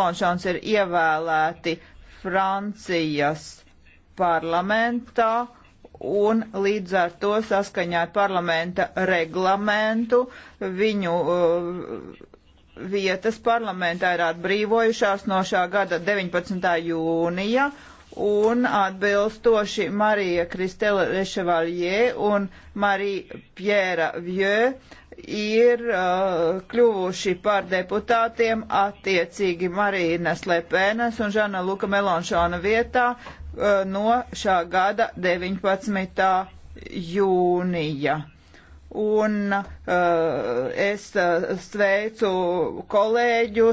Klonšāns ir ievēlēti Francijas parlamentā un līdz ar to saskaņā ar parlamenta reglamentu viņu uh, vietas parlamentā ir atbrīvojušās no šā gada 19. jūnija un atbilstoši Marija Kristela Reševaljē un Marija Pjēra Vjē ir uh, kļuvuši par deputātiem attiecīgi Marīnas Lepenes un Žana Luka Melonšona vietā uh, no šā gada 19. jūnija. Un uh, es uh, sveicu kolēģu